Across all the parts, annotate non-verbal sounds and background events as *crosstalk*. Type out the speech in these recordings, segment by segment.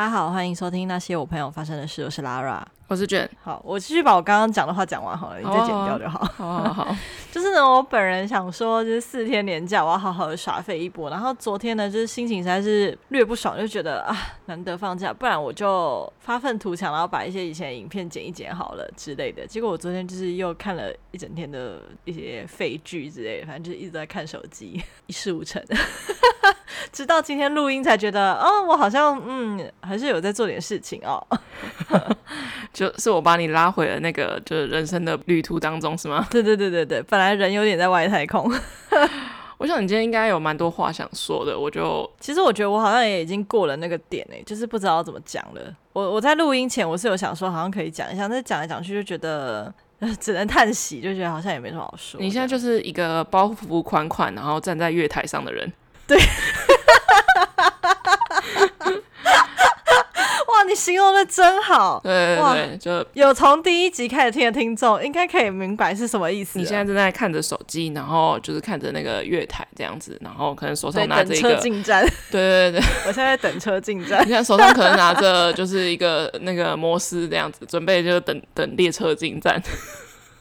大家好，歡迎收聽《那些我朋友發生的事》，我是 Lara。我是卷，好，我繼續把我剛剛講的話講完好了，oh, 你再剪掉就好。好，好就是呢，我本人想說，就是四天連假，我要好好的耍廢一波。然後昨天呢，就是心情實在是略不爽，就覺得啊，難得放假，不然我就發憤圖強，然後把一些以前的影片剪一剪好了之類的。結果我昨天就是又看了一整天的一些廢劇之類的，反正就是一直在看手機，一事無成。 *laughs* 直到今天錄音才覺得，哦，我好像嗯，還是有在做點事情哦。 *laughs* *laughs* 就是我把你拉回了那個就是人生的旅途當中，是嗎？對對對對對，本來人有點在外太空。 *laughs* 我想你今天應該有蠻多話想說的，我就其實我覺得我好像也已經過了那個點哎、欸，就是不知道怎麼講了。我我在錄音前我是有想說好像可以講一下，但是講來講去就覺得、呃、只能嘆息，就覺得好像也沒什麼好說。你現在就是一個包袱款款，然後站在月台上的人。對。 *laughs* 你形容的真好。對對對，哇就有從第一集開始聽的聽眾應該可以明白是什麼意思。你現在正在看着手機，然後就是看着那個月台這樣子，然後可能手上拿着一個等車進站。對，對對對，我現在，在等車進站。 *laughs* 你現在手上可能拿着就是一個那個摩斯這樣子， *laughs* 準備就等等列車進站。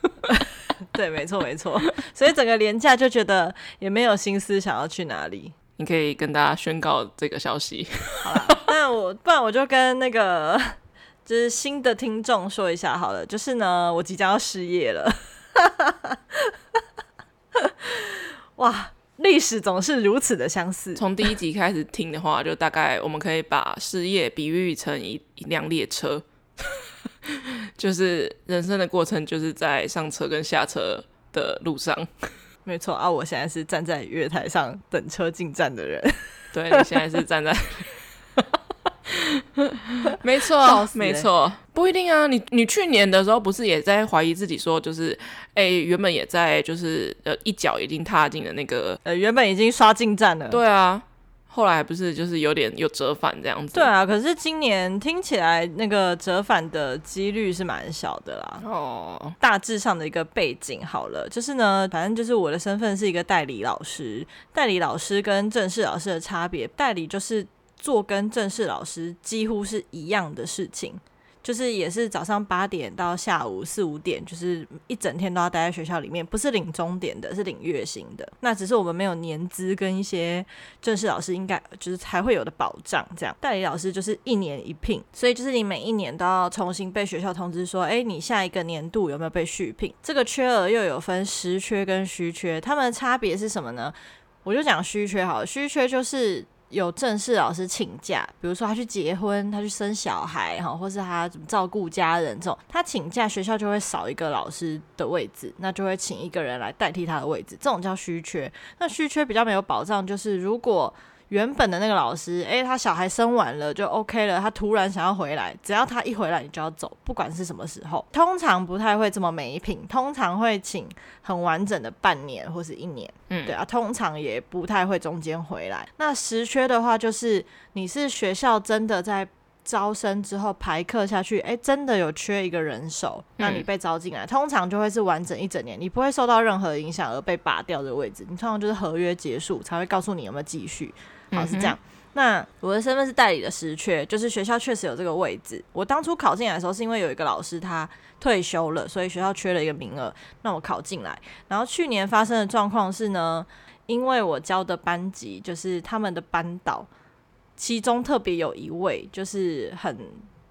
*laughs* 對，沒錯沒錯，所以整個廉價就覺得也沒有心思想要去哪裡，你可以跟大家宣告這個消息，好了啦。 *laughs* 我不然我就跟那個就是新的聽眾說一下好了，就是呢，我即將要失業了。 *laughs* 哇，歷史總是如此的相似。從第一集開始聽的話，就大概我們可以把失業比喻成一一輛列車， *laughs* 就是人生的過程就是在上車跟下車的路上。沒錯啊，我現在是站在月台上等車進站的人。對，你現在是站在。 *laughs* 沒錯，沒錯，不一定啊。你你去年的時候不是也在懷疑自己，說就是，哎、欸，原本也在就是呃，一腳已經踏進了那個呃，原本已經刷進站了。對啊，後來不是就是有點有折返這樣子。對啊，可是今年聽起來那個折返的幾率是蠻小的啦。哦，oh. 大致上的一個背景好了，就是呢，反正就是我的身份是一個代理老師。代理老師跟正式老師的差別，代理就是。做跟正式老師幾乎是一樣的事情，就是也是早上八點到下午四五點，就是一整天都要待在學校裡面。不是領鐘點的，是領月薪的。那只是我們沒有年資跟一些正式老師應該就是才會有的保障。這樣，代理老師就是一年一聘，所以就是你每一年都要重新被學校通知說，欸，你下一個年度有沒有被續聘？這個缺額又有分實缺跟虛缺，他們差別是什麼呢？我就講虛缺好了，虛缺就是。有正式老師請假，比如說他去結婚，他去生小孩，哈，或是他怎麼照顧家人這種，他請假，學校就會少一個老師的位置，那就會請一個人來代替他的位置，這種叫虛缺。那虛缺比較沒有保障，就是如果。原本的那個老師，誒、欸，他小孩生完了就 OK 了，他突然想要回來，只要他一回來，你就要走，不管是什麼時候。通常不太會這麼沒品，通常會請很完整的半年或是一年。嗯，對啊，通常也不太會中間回來。那實缺的話，就是你是學校真的在招生之後排課下去，誒、欸，真的有缺一個人手，那你被招進來，通常就會是完整一整年，你不會受到任何影響而被拔掉的位置，你通常就是合約結束才會告訴你有沒有繼續。好，是這樣，那我的身份是代理的實缺，就是學校確實有這個位置。我當初考進來的時候，是因為有一個老師他退休了，所以學校缺了一個名額，那我考進來。然後去年發生的狀況是呢，因為我教的班級就是他們的班導，其中特別有一位就是很。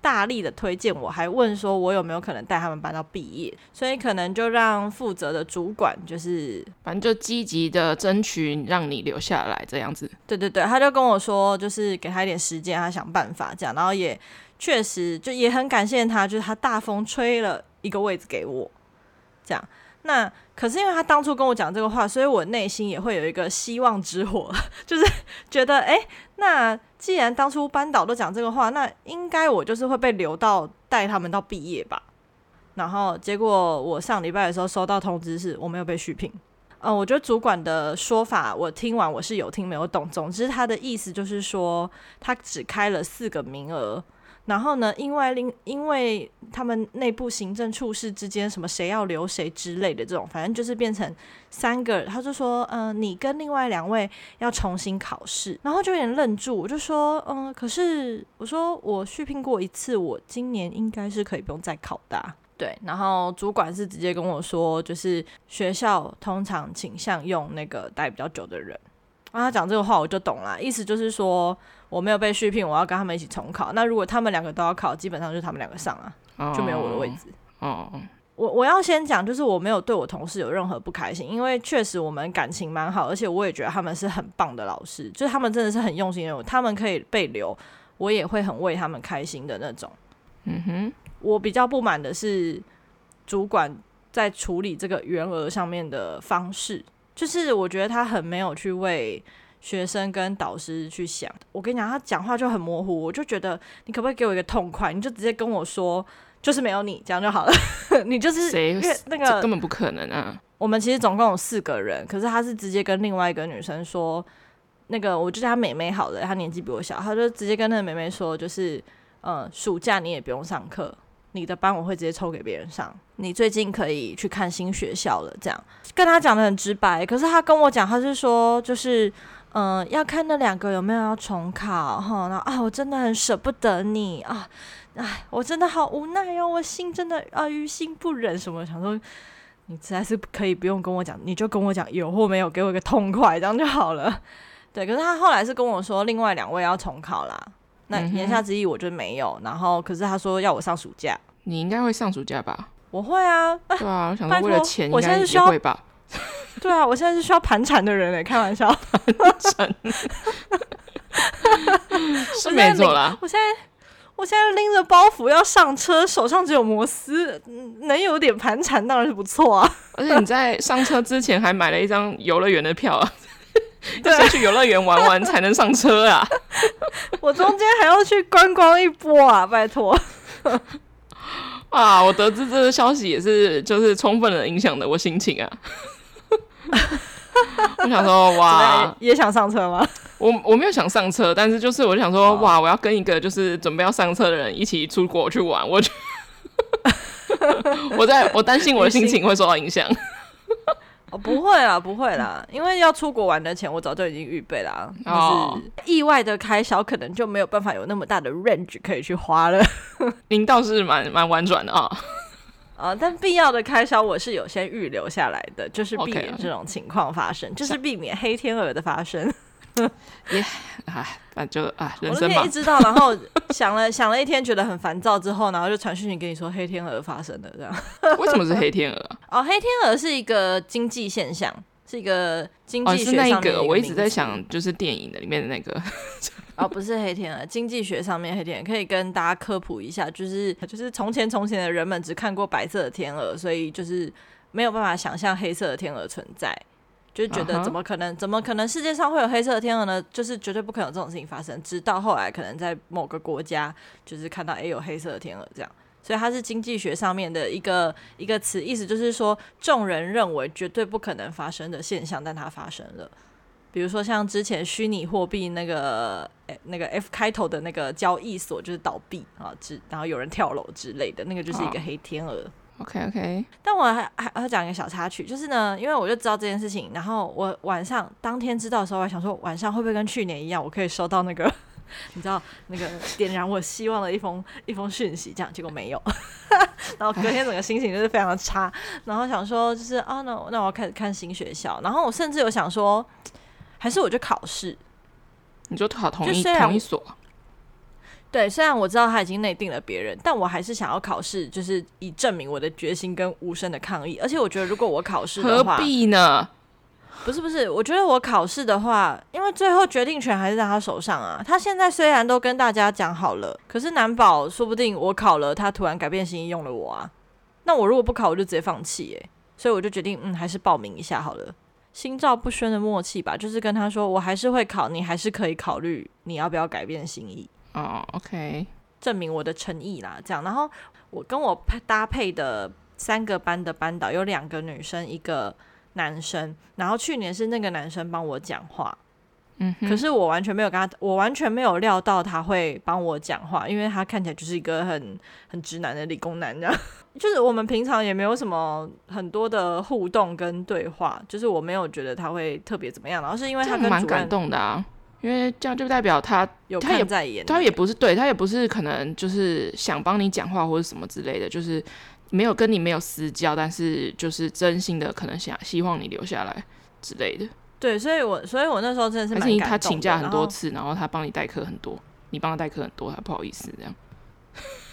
大力的推薦，我還問說，我有沒有可能帶他們搬到畢業，所以可能就讓負責的主管，就是反正就積極的爭取讓你留下來這樣子。對對對，他就跟我說，就是給他一點時間，他想辦法這樣，然後也確實就也很感謝他，就是他大風吹了一個位置給我這樣。那可是因為他當初跟我講這個話，所以我內心也會有一個希望之火，就是覺得哎、欸，那既然當初班導都講這個話，那應該我就是會被留到帶他們到畢業吧。然後結果我上禮拜的時候收到通知，是我沒有被續聘。嗯、呃，我覺得主管的說法我聽完我是有聽沒有懂，總之他的意思就是說他只開了四個名額。然後呢，因為另因為他們內部行政處室之間什麼誰要留誰之類的這種，反正就是變成三個。他就說：“嗯、呃，你跟另外兩位要重新考試。”然後就有點愣住我就說：“嗯、呃，可是我說我續聘過一次，我今年應該是可以不用再考的。”對。然後主管是直接跟我說：“就是學校通常傾向用那個待比較久的人。”然後他講這個話我就懂了，意思就是說。我沒有被續聘，我要跟他們一起重考。那如果他們兩個都要考，基本上就他們兩個上啊，就沒有我的位置。Oh, oh. 我我要先講，就是我沒有對我同事有任何不開心，因為確實我們感情蠻好，而且我也覺得他們是很棒的老師，就是他們真的是很用心的。他們可以被留，我也會很為他們開心的那種。嗯哼、mm，hmm. 我比較不滿的是主管在處理這個員額上面的方式，就是我覺得他很沒有去為。學生跟導師去想，我跟你講，他講話就很模糊，我就覺得你可不可以給我一個痛快，你就直接跟我說，就是沒有你這樣就好了。 *laughs* 你就是誰？誰因為那個根本不可能啊！我們其實總共有四個人，可是他是直接跟另外一個女生說，那個我就是他妹妹好了，好的，她年紀比我小，他就直接跟那個妹妹說，就是嗯，暑假你也不用上課，你的班我會直接抽給別人上，你最近可以去看新學校了。這樣跟他講得很直白，可是他跟我講，他是說就是。嗯，要看那兩個有沒有要重考哈。那啊，我真的很捨不得你啊，哎，我真的好無奈喲，哦，我心真的啊於心不忍，什麼想說，你實在是可以不用跟我講，你就跟我講有或沒有，給我一個痛快，這樣就好了。對，可是他後來是跟我說另外兩位要重考啦，那言下之意我就沒有。然後，可是他說要我上暑假，你應該會上暑假吧？我會啊。啊對啊，我想說為了錢應該不會對啊，我現在是需要盤纏的人嘞，開玩笑，盤纏是沒錯啦。我現在我現在拎着包袱要上車，手上只有摩斯，能有點盤纏當然是不錯啊。而且你在上車之前還買了一張遊樂園的票啊，要先去遊樂園玩玩才能上車啊。我中間還要去觀光一波啊，拜託。啊，我得知這個消息也是就是充分的影響的我心情啊。 *laughs* 我想說，哇，也想上車嗎？我我沒有想上車，但是就是我想說，oh. 哇，我要跟一個就是準備要上車的人一起出國去玩。我， *laughs* *laughs* 我，我在我擔心我的心情會受到影響。 *laughs* oh, 不會啦，不會啦，因為要出國玩的錢我早就已經預備啦、啊。Oh. 意外的開銷可能就沒有辦法有那麼大的 range 可以去花了。 *laughs* 您倒是蠻蠻婉轉的啊。啊、哦！但必要的開銷我是有先預留下來的，就是避免這種情況發生，okay、了就是避免黑天鵝的發生。也哎反正哎，人生我那天一知道，然後想了 *laughs* 想了一天，覺得很煩躁，之後然後就傳訊息給你說黑天鵝發生了，這樣。 *laughs* 為什麼是黑天鵝？哦，黑天鵝是一個經濟現象。是一個經濟學上、哦，是那一個。我一直在想，就是電影的裡面的那個 *laughs* 哦，不是黑天鵝，經濟學上面黑天鵝。可以跟大家科普一下，就是就是從前從前的人們只看過白色的天鵝，所以就是沒有辦法想象黑色的天鵝存在，就是、覺得怎麼可能？Uh huh. 怎麼可能世界上會有黑色的天鵝呢？就是絕對不可能這種事情發生。直到後來，可能在某個國家，就是看到哎、欸、有黑色的天鵝這樣。所以它是經濟學上面的一個一個詞，意思就是說，眾人認為絕對不可能發生的現象，但它發生了。比如說像之前虛擬貨幣那個、欸、那個 F 開頭的那個交易所就是倒閉啊，然之然後有人跳樓之類的，那個就是一個黑天鵝。Oh. OK OK。但我還還還講一個小插曲，就是呢，因為我就知道這件事情，然後我晚上當天知道的時候，我還想說晚上會不會跟去年一樣，我可以收到那個。你知道那個點燃我希望的一封一封訊息，這樣結果沒有， *laughs* 然後隔天整個心情就是非常的差，然後想說就是啊，那那我要開始看新學校，然後我甚至有想說，還是我就考試，你就考同一同一所，對，雖然我知道他已經內定了別人，但我還是想要考試，就是以證明我的決心跟無聲的抗議，而且我覺得如果我考試的話，何必呢？不是不是，我覺得我考試的話，因為最後決定權還是在他手上啊。他現在雖然都跟大家講好了，可是難保說不定我考了，他突然改變心意用了我啊。那我如果不考，我就直接放棄耶、欸。所以我就決定，嗯，還是報名一下好了。心照不宣的默契吧，就是跟他說，我還是會考，你還是可以考慮你要不要改變心意。哦、oh，OK，證明我的誠意啦，這樣。然後我跟我配搭配的三個班的班導，有兩個女生，一個。男生，然後去年是那個男生幫我講話，嗯哼，可是我完全沒有跟他，我完全沒有料到他會幫我講話，因為他看起來就是一個很很直男的理工男，這樣，就是我們平常也沒有什麼很多的互動跟對話，就是我沒有覺得他會特別怎麼樣。然後是因為他蠻感動的啊，因為這樣就代表他，他也有看在眼、那個，他也不是，對，他也不是可能就是想幫你講話或者什麼之類的，就是。沒有跟你沒有私交，但是就是真心的，可能想希望你留下來之類的。對，所以我所以我那時候真的是蠻感動的。他請假很多次，然後他幫你代課很多，後你幫他代課很多，他不好意思這樣。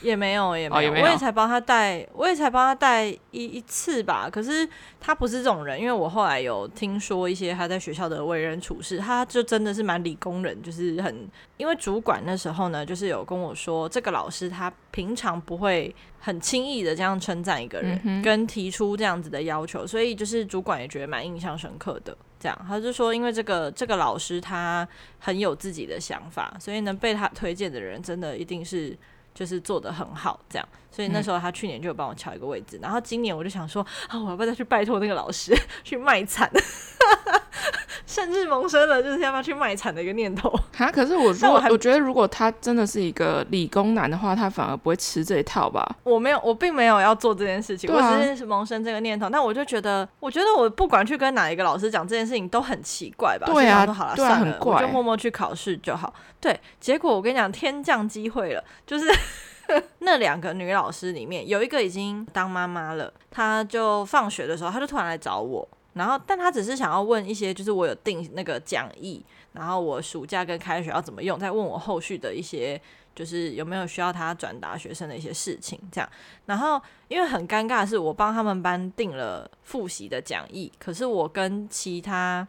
也沒有，也沒有，我也才幫他帶，我也才幫他帶一一次吧。可是他不是這種人，因為我後來有聽說一些他在學校的為人處事，他就真的是蠻理工人，就是很。因為主管那時候呢，就是有跟我說，這個老師他平常不會很輕易的這樣稱讚一個人，跟提出這樣子的要求，所以就是主管也覺得蠻印象深刻的。這樣，他就說，因為這個這個老師他很有自己的想法，所以能被他推薦的人，真的一定是。就是做得很好，這樣，所以那時候他去年就有幫我敲一個位置，嗯、然後今年我就想說，啊，我要不要再去拜托那個老師去賣慘？ *laughs* 甚至萌生了就是要不要去賣慘的一個念頭哈，可是我如果，但我還我覺得如果他真的是一個理工男的話，他反而不會吃這一套吧？我沒有，我並沒有要做這件事情，啊、我只是萌生這個念頭。但我就覺得，我覺得我不管去跟哪一個老師講這件事情都很奇怪吧？對啊，都好了，對啊、算了，對啊、很怪，就默默去考試就好。對，結果我跟你講，天降機會了，就是 *laughs* 那兩個女老師裡面有一個已經當媽媽了，她就放學的時候，她就突然來找我。然後，但他只是想要問一些，就是我有訂那個講義，然後我暑假跟開學要怎麼用，再問我後續的一些，就是有沒有需要他轉達學生的一些事情，這樣。然後，因為很尷尬的是，我幫他們班訂了複習的講義，可是我跟其他，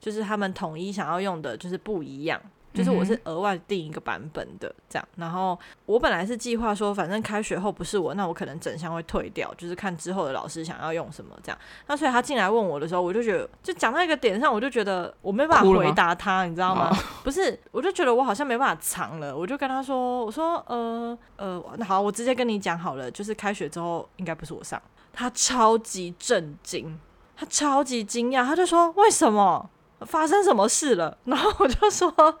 就是他們統一想要用的，就是不一樣。就是我是額外訂一個版本的這樣，然後我本來是計劃說，反正開學後不是我，那我可能整箱會退掉，就是看之後的老師想要用什麼這樣。那所以他進來問我的時候，我就覺得就講到一個點上，我就覺得我沒辦法回答他，你知道嗎？不是，我就覺得我好像沒辦法藏了，我就跟他說，我說呃呃，好，我直接跟你講好了，就是開學之後應該不是我上。他超級震驚，他超級驚訝，他就說為什麼？發生什麼事了？然後我就說，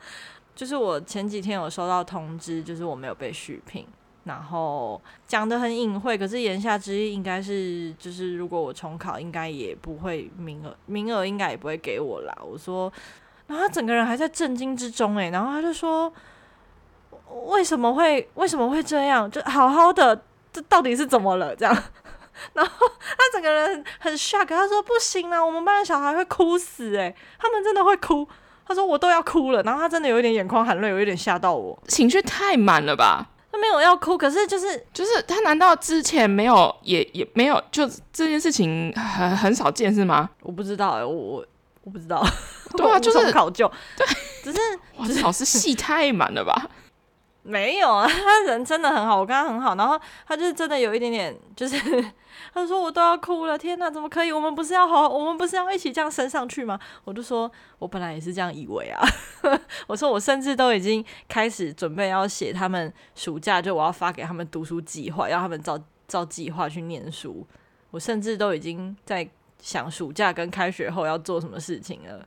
就是我前幾天有收到通知，就是我沒有被續聘。然後講得很隱晦，可是言下之意應該是，就是如果我重考，應該也不會名額，名額應該也不會給我啦。我說，然後他整個人還在震驚之中，欸，誒，然後他就說，為什麼會為什麼會這樣？就好好的，這到底是怎麼了？這樣。然後他整個人很 shock，他說不行啦、啊，我們班的小孩會哭死哎、欸，他們真的會哭。他說我都要哭了，然後他真的有一點眼眶含淚，有一點嚇到我，情緒太滿了吧？他沒有要哭，可是就是就是他難道之前沒有也也沒有就這件事情很很少見是嗎？我、欸我不知道，我我不知道。對啊，就是我考究，對，只是至少 *laughs* 哇、就是戲太滿了吧？沒有啊，他人真的很好，我跟他很好，然後他就是真的有一點點就是。他說：“我都要哭了，天哪，怎麼可以？我們不是要好，好，我們不是要一起這樣升上去嗎？”我就說：“我本來也是這樣以為啊。 *laughs* ”我說：“我甚至都已經開始準備要寫他們暑假，就我要發給他們讀書計劃，要他們照照計劃去念書。我甚至都已經在想暑假跟開學後要做什麼事情了。”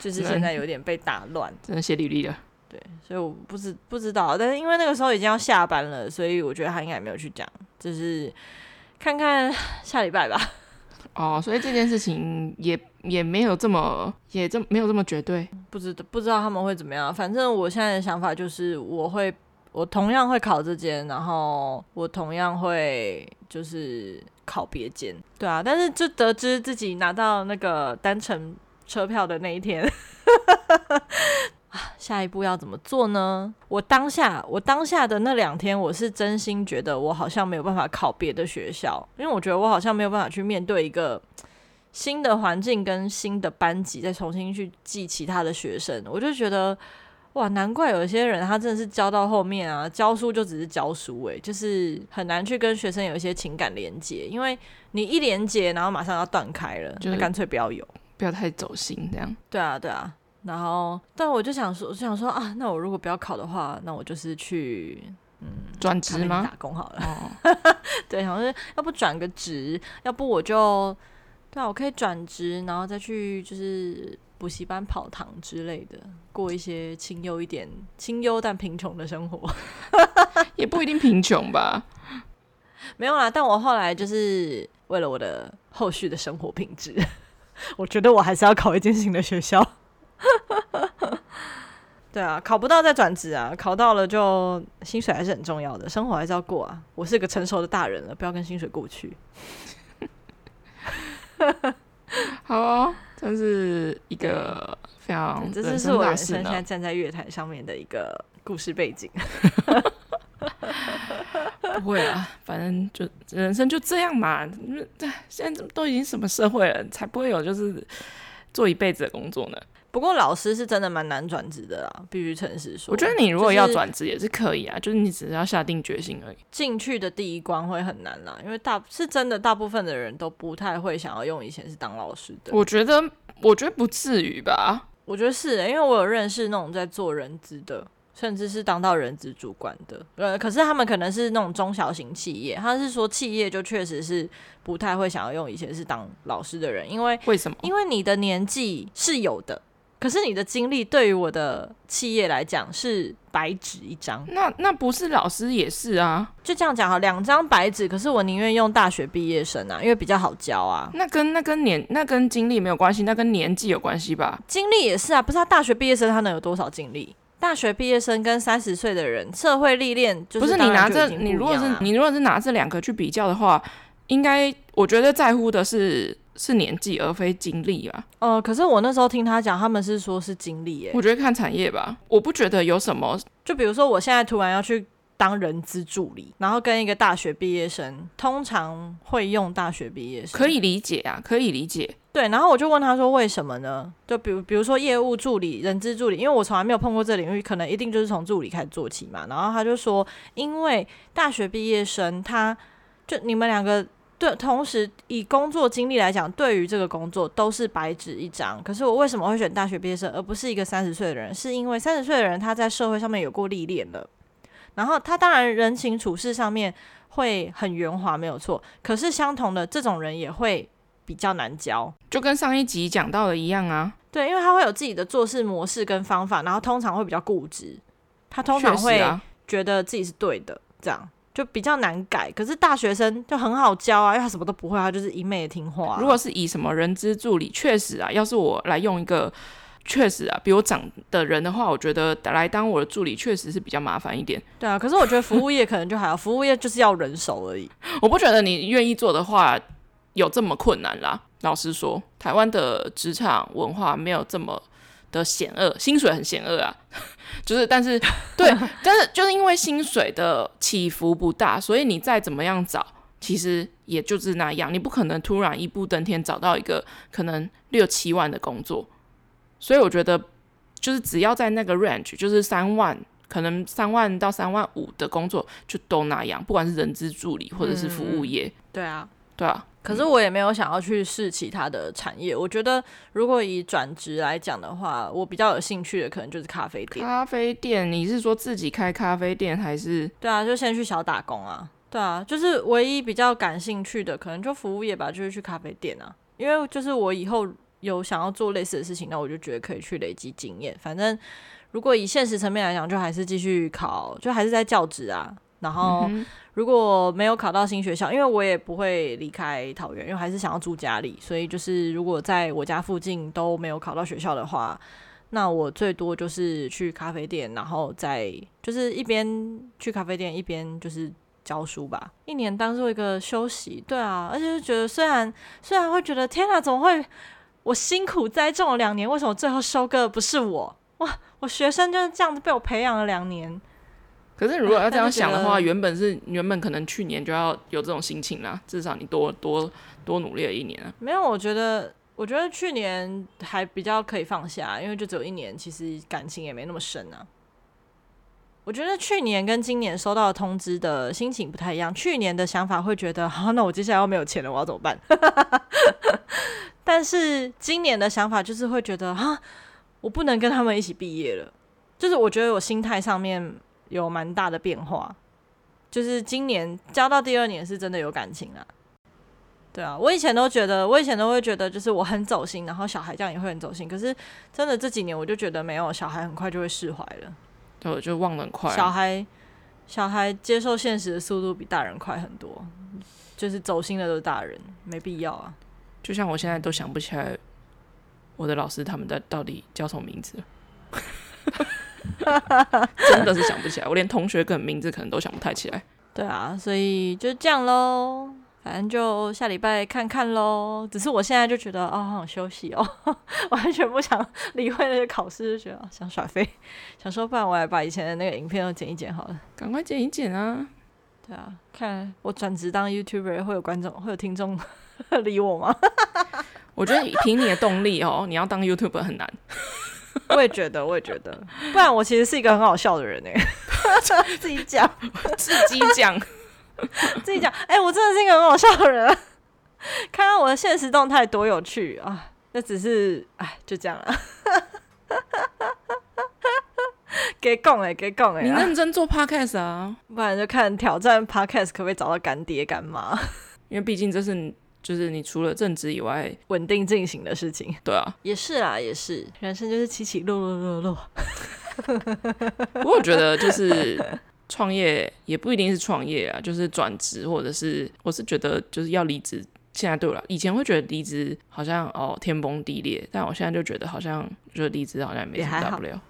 就是現在有點被打亂，只能寫履歷了。對，所以我不知不知道，但是因為那個時候已經要下班了，所以我覺得他應該也沒有去講，就是。看看下禮拜吧。哦，所以這件事情也也沒有這麼也這沒有這麼絕對，不知道不知道他們會怎麼樣。反正我現在的想法就是，我會我同樣會考這間，然後我同樣會就是考別間。對啊，但是就得知自己拿到那個單程車票的那一天。 *laughs* 下一步要怎麼做呢？我當下，我當下的那兩天，我是真心覺得我好像沒有辦法考別的學校，因為我覺得我好像沒有辦法去面對一個新的環境跟新的班級，再重新去記其他的學生。我就覺得，哇，難怪有些人他真的是教到後面啊，教書就只是教書，欸，誒，就是很難去跟學生有一些情感連接，因為你一連接，然後馬上要斷開了，就乾脆不要有，不要太走心這樣。對啊，對啊。然後，但我就想說，我就想說，啊，那我如果不要考的話，那我就是去嗯轉職嗎？打工好了，哦、 *laughs* 對，好像是要不轉個職，要不我就對啊，我可以轉職，然後再去就是補習班跑堂之類的，過一些清幽一點、清幽但貧窮的生活， *laughs* *laughs* 也不一定貧窮吧？ *laughs* 沒有啦，但我後來就是為了我的後續的生活品質，我覺得我還是要考一間新的學校。哈哈哈對啊，考不到再轉職啊，考到了就薪水還是很重要的，生活還是要過啊。我是個成熟的大人了，不要跟薪水過去。 *laughs* 好哈，好，這是一個非常人生大事。這是我人生現在站在月台上面的一個故事背景， *laughs* *laughs* 不會啊，反正就人生就這樣嘛。現在都已經什麼社會了，才不會有就是做一輩子的工作呢？不過老師是真的蠻難轉職的啦，必須誠實說。我覺得你如果要轉職也是可以啊，就是你只是要下定決心而已。進去的第一關會很難啦，因為大是真的大部分的人都不太會想要用以前是當老師的。我覺得，我覺得不至於吧。我覺得是、欸，因為我有認識那種在做人資的，甚至是當到人資主管的。呃、嗯，可是他們可能是那種中小型企業，他們是說企業就確實是不太會想要用以前是當老師的人，因為為什麼？因為你的年紀是有的。可是你的經歷對於我的企業來講是白紙一張，那那不是老師也是啊，就這樣講哈，兩張白紙。可是我寧願用大學畢業生啊，因為比較好教啊。那跟那跟年那跟經歷沒有關係，那跟年紀有關係吧？經歷也是啊，不是他大學畢業生，他能有多少經歷？大學畢業生跟三十歲的人社會歷練就是，不是你拿這、啊、你如果是你如果是拿這兩個去比較的話，應該我覺得在乎的是。是年紀而非經歷啊。哦、呃，可是我那時候聽他講，他們是說是經歷、欸。哎，我覺得看產業吧，我不覺得有什麼。就比如說，我現在突然要去當人資助理，然後跟一個大學畢業生，通常會用大學畢業生，可以理解啊，可以理解。對，然後我就問他說為什麼呢？就比如比如說業務助理、人資助理，因為我從來沒有碰過這領域，可能一定就是從助理開始做起嘛。然後他就說，因為大學畢業生他，他就你們兩個。對，同時以工作經歷來講，對於這個工作都是白紙一張。可是我為什麼會選大學畢業生，而不是一個三十歲的人？是因為三十歲的人他在社會上面有過歷練了，然後他當然人情處事上面會很圓滑，沒有錯。可是相同的這種人也會比較難教，就跟上一集講到的一樣啊。對，因為他會有自己的做事模式跟方法，然後通常會比較固執，他通常會覺得自己是對的，這樣。就比較難改，可是大學生就很好教啊，因為他什麼都不會，他就是一昧的聽話啊。如果是以什麼人資助理，確實啊，要是我來用一個，確實啊，比我長的人的話，我覺得來當我的助理，確實是比較麻煩一點。對啊，可是我覺得服務業可能就還好， *laughs* 服務業就是要人手而已。我不覺得你願意做的話，有這麼困難啦。老實說，台灣的職場文化沒有這麼。的險惡，薪水很險惡啊， *laughs* 就是但是對， *laughs* 但是就是因為薪水的起伏不大，所以你再怎麼樣找，其實也就是那樣，你不可能突然一步登天找到一個可能六七萬的工作。所以我覺得，就是只要在那個 range，就是三萬，可能三萬到三萬五的工作就都那樣，不管是人資助理或者是服務業。對啊、嗯，對啊。對啊。可是我也沒有想要去試其他的產業。我覺得如果以轉職來講的話，我比較有興趣的可能就是咖啡店。咖啡店？你是說自己開咖啡店還是？對啊，就先去小打工啊。對啊,就是唯一比較感興趣的可能就服務業吧，就是去咖啡店啊。因為就是我以後有想要做類似的事情，那我就覺得可以去累積經驗。反正如果以現實層面來講，就還是繼續考，就還是在教職啊。然後如果沒有考到新學校，嗯、哼因為我也不會離開桃園，因為還是想要住家裡，所以就是如果在我家附近都沒有考到學校的話，那我最多就是去咖啡店，然後再就是一邊去咖啡店一邊就是教書吧，一年當作一個休息。對啊，而且就覺得雖然雖然會覺得天哪、啊，怎麼會我辛苦栽種了兩年，為什麼最後收割的不是我？哇，我學生就是這樣子被我培養了兩年。可是如果要這樣想的話，原本是原本可能去年就要有這種心情啦。至少你多多多努力了一年啊。沒有，我覺得我覺得去年還比較可以放下，因為就只有一年，其實感情也沒那麼深啊。我覺得去年跟今年收到通知的心情不太一樣，去年的想法會覺得，好，那我接下來要沒有錢了，我要怎麼辦？ *laughs* 但是今年的想法就是會覺得，哈，我不能跟他們一起畢業了，就是我覺得我心態上面。有蠻大的變化，就是今年教到第二年是真的有感情啊。對啊，我以前都覺得，我以前都會覺得，就是我很走心，然後小孩這樣也會很走心。可是真的這幾年，我就覺得沒有小孩，很快就會釋懷了。對，我就忘得很快。小孩，小孩接受現實的速度比大人快很多，就是走心的都是大人，沒必要啊。就像我現在都想不起來，我的老師他們到到底叫什麼名字。 *laughs* *laughs* 真的是想不起來，我連同學的名字可能都想不太起來。對啊，所以就這樣嘍，反正就下禮拜看看嘍。只是我現在就覺得哦，想好好休息哦， *laughs* 我完全不想理會那些考試，就覺得想耍廢，想說不然我來把以前的那個影片都剪一剪好了，趕快剪一剪啊！對啊，看我轉職當 YouTuber 會有觀眾、會有聽眾 *laughs* 理我嗎？ *laughs* 我覺得憑你的動力哦，你要當 YouTuber 很難。我也覺得，我也覺得，不然我其實是一個很好笑的人哎，欸， *laughs* 自己講講， *laughs* 自己講講， *laughs* 自己講講，哎、 *laughs* 欸，我真的是一個很好笑的人，啊，看看我的限時動態多有趣啊！那只是，哎，就這樣了。給貢哎，給貢哎，你認真做 podcast 啊，不然就看挑戰 podcast 可不可以找到乾爹乾媽， *laughs* 因為畢竟這是。就是你除了正職以外，穩定進行的事情。對啊，也是啊，也是，人生就是起起落落落落。不 *laughs* 過我覺得就是創業也不一定是創業啊，就是轉職或者是，我是覺得就是要離職。現在對我啦，以前會覺得離職好像哦天崩地裂，但我現在就覺得好像，就是離職好像也沒什麼大不了。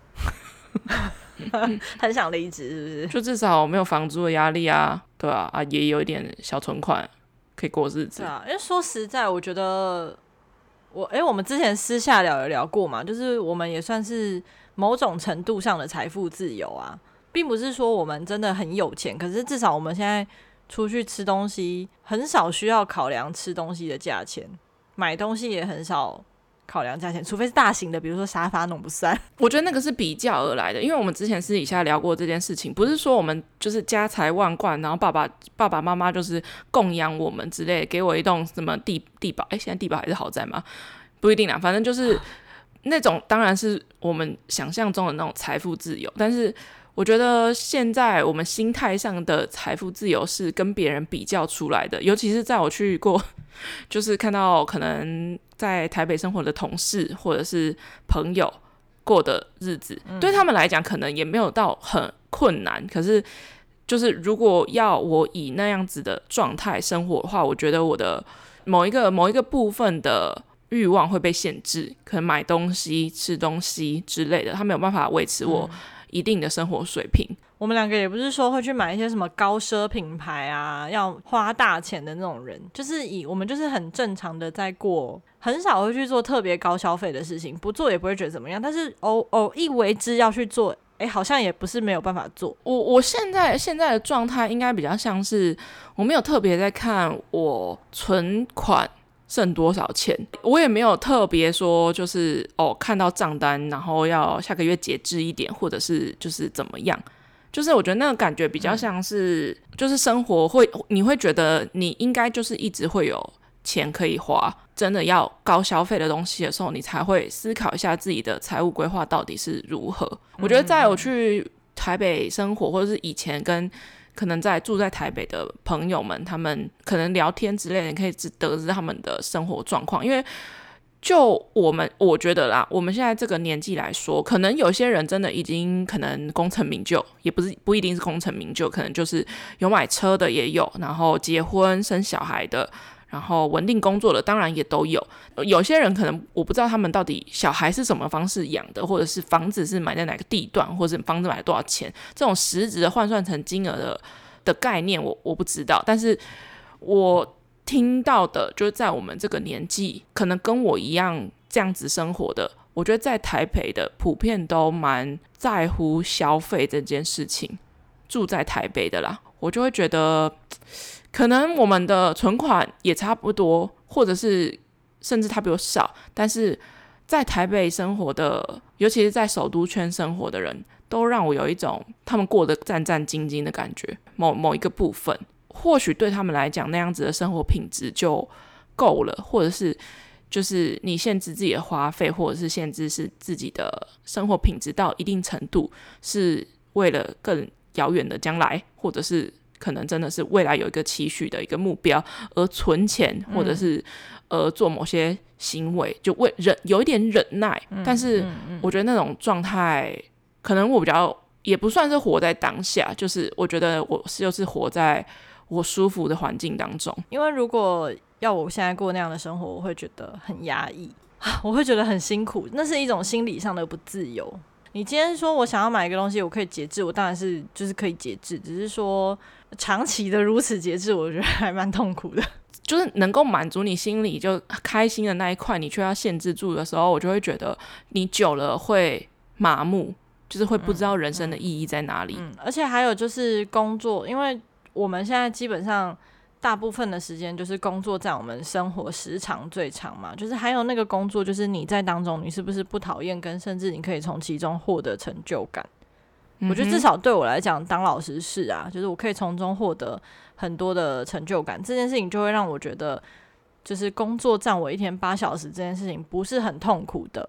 還 *laughs* 很想離職是不是？就至少沒有房租的壓力啊，對啊，啊，也有一點小存款。可以過日子，對啊，因為說實在，我覺得我誒、欸，我們之前私下聊一聊過嘛，就是我們也算是某種程度上的財富自由啊，並不是說我們真的很有錢，可是至少我們現在出去吃東西很少需要考量吃東西的價錢，買東西也很少。考量價錢，除非是大型的，比如說沙發弄，不算。我覺得那個是比較而來的，因為我們之前私底下聊過這件事情，不是說我們就是家財萬貫，然後爸爸爸爸媽媽就是供養我們之類的，給我一棟什麼地地堡？哎、欸，現在地堡還是豪宅嗎？不一定啊，反正就是那種，當然是我們想象中的那種財富自由，但是。我覺得現在我們心態上的財富自由是跟別人比較出來的，尤其是在我去過，就是看到可能在台北生活的同事或者是朋友過的日子，嗯、對他們來講可能也沒有到很困難。可是，就是如果要我以那樣子的狀態生活的話，我覺得我的某一個某一個部分的欲望會被限制，可能買東西、吃東西之類的，他沒有辦法維持我。嗯一定的生活水平，我們兩個也不是說會去買一些什麼高奢品牌啊，要花大錢的那種人，就是以我們就是很正常的在過，很少會去做特別高消費的事情，不做也不會覺得怎麼樣。但是偶偶一為之要去做，欸，好像也不是沒有辦法做。我我現在現在的狀態應該比較像是，我沒有特別在看我存款。剩多少錢？我也沒有特別說，就是哦，看到賬單，然後要下個月節制一點，或者是就是怎麼樣，就是我覺得那個感覺比較像是，嗯、就是生活會，你會覺得你應該就是一直會有錢可以花，真的要高消費的東西的時候，你才會思考一下自己的財務規劃到底是如何。嗯嗯，我覺得在我去台北生活，或者是以前跟。可能在住在台北的朋友們，他們可能聊天之類的，可以知得知他們的生活狀況。因為就我們，我覺得啦，我們現在這個年紀來說，可能有些人真的已經可能功成名就，也不是不一定是功成名就，可能就是有買車的也有，然後結婚，生小孩的。然後穩定工作的，當然也都有。有些人可能我不知道他們到底小孩是什麼方式養的，或者是房子是買在哪個地段，或者是房子買了多少錢，這種實質的換算成金額的的概念我，我我不知道。但是我聽到的就是在我們這個年紀，可能跟我一樣這樣子生活的，我覺得在台北的普遍都蠻在乎消費這件事情。住在台北的啦，我就會覺得，可能我們的存款也差不多，或者是甚至他比我少，但是在台北生活的，尤其是在首都圈生活的人都讓我有一種他們過得戰戰兢兢的感覺。某某一個部分，或許對他們來講，那樣子的生活品質就夠了，或者是就是你限制自己的花費，或者是限制是自己的生活品質到一定程度，是為了更。遙遠的將來，或者是可能真的是未來有一個期許的一個目標，而存錢，或者是呃做某些行為，嗯、就為忍有一點忍耐。嗯、但是我覺得那種狀態，可能我比較也不算是活在當下，就是我覺得我是就是活在我舒服的環境當中。因為如果要我現在過那樣的生活，我會覺得很壓抑，我會覺得很辛苦。那是一種心理上的不自由。你今天說我想要買一個東西，我可以節制，我當然是就是可以節制，只是說長期的如此節制，我覺得還蠻痛苦的。就是能夠滿足你心裡就開心的那一塊，你卻要限制住的時候，我就會覺得你久了會麻木，就是會不知道人生的意義在哪裡。嗯嗯嗯嗯、而且還有就是工作，因為我們現在基本上。大部分的時間就是工作佔我們生活時長最長嘛，就是還有那個工作，就是你在當中，你是不是不討厭，跟甚至你可以從其中獲得成就感？我覺得至少對我來講，當老師是啊，就是我可以從中獲得很多的成就感，這件事情就會讓我覺得，就是工作佔我一天八小時這件事情不是很痛苦的。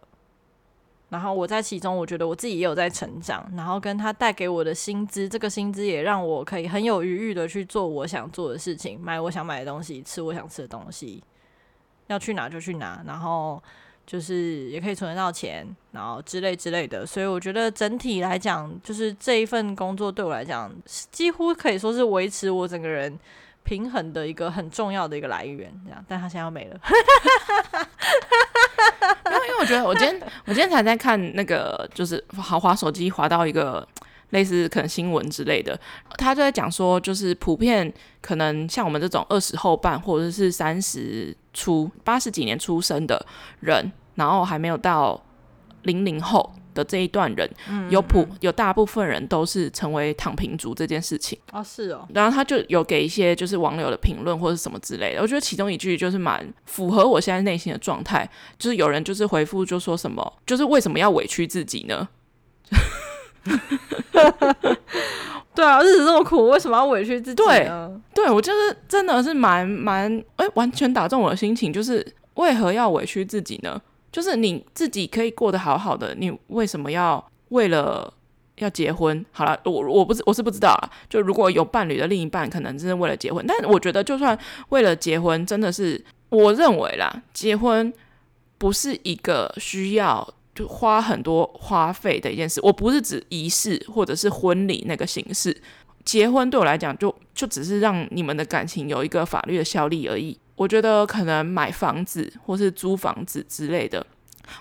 然後我在其中，我覺得我自己也有在成長。然後跟他帶給我的薪資，這個薪資也讓我可以很有餘裕的去做我想做的事情，買我想買的東西，吃我想吃的東西，要去哪就去哪。然後就是也可以存得到錢，然後之類之類的。所以我覺得整體來講，就是這一份工作對我來講，幾乎可以說是維持我整個人平衡的一個很重要的一個來源。這樣，但他現在要沒了。 *laughs* 因為， *laughs* 因為我覺得我今天我今天才在看那個，就是豪華手機滑到一個類似可能新聞之類的，他就在講說，就是普遍可能像我們這種二十後半或者是三十初，八十幾年出生的人，然後還沒有到零零後。的這一段人，嗯、有普有大部分人都是成為躺平族這件事情啊，是哦。然後他就有給一些就是網友的評論或者什麼之類的，我覺得其中一句就是蠻符合我現在內心的狀態，就是有人就是回復就說什麼，就是為什麼要委屈自己呢？ *laughs* *laughs* 對啊，日子這麼苦，為什麼要委屈自己呢？對，對，我就是真的是蠻蠻哎、欸，完全打中我的心情，就是為何要委屈自己呢？就是你自己可以過得好好的，你為什麼要為了要結婚？好啦，我我不是，我是不知道啊。就如果有伴侶的另一半，可能真的為了結婚，但我覺得就算為了結婚，真的是我認為啦，結婚不是一個需要就花很多花費的一件事。我不是指儀式或者是婚禮那個形式，結婚對我來講，就就只是讓你們的感情有一個法律的效力而已。我覺得可能買房子或是租房子之類的，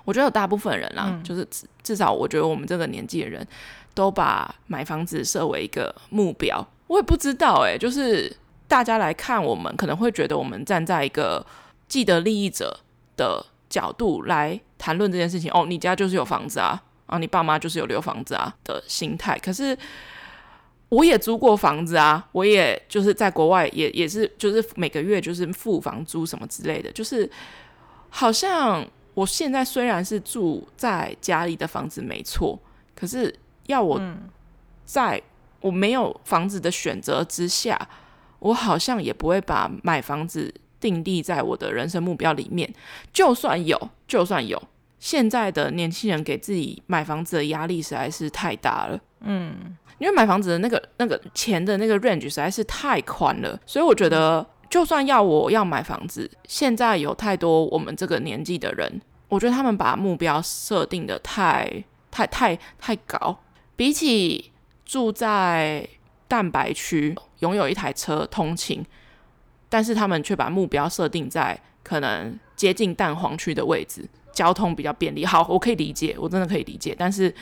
我覺得有大部分人啦、啊，嗯、就是至少我覺得我們這個年紀的人都把買房子設為一個目標。我也不知道誒、欸。就是大家來看我們，可能會覺得我們站在一個既得利益者的角度來談論這件事情。哦，你家就是有房子啊，啊，你爸媽就是有留房子啊的心態。可是。我也租過房子啊，我也就是在國外也也是就是每個月就是付房租什麼之類的，就是好像我現在雖然是住在家裡的房子沒錯，可是要我在我沒有房子的選擇之下，嗯、我好像也不會把買房子定立在我的人生目標裡面。就算有，就算有，現在的年輕人給自己買房子的壓力實在是太大了。嗯。因為買房子的那個那個錢的那個 range 實在是太寬了，所以我覺得就算要我要買房子，現在有太多我們這個年紀的人，我覺得他們把目標設定得太太太太高，比起住在蛋白區，擁有一台車通勤，但是他們卻把目標設定在可能接近蛋黃區的位置，交通比較便利。好，我可以理解，我真的可以理解，但是。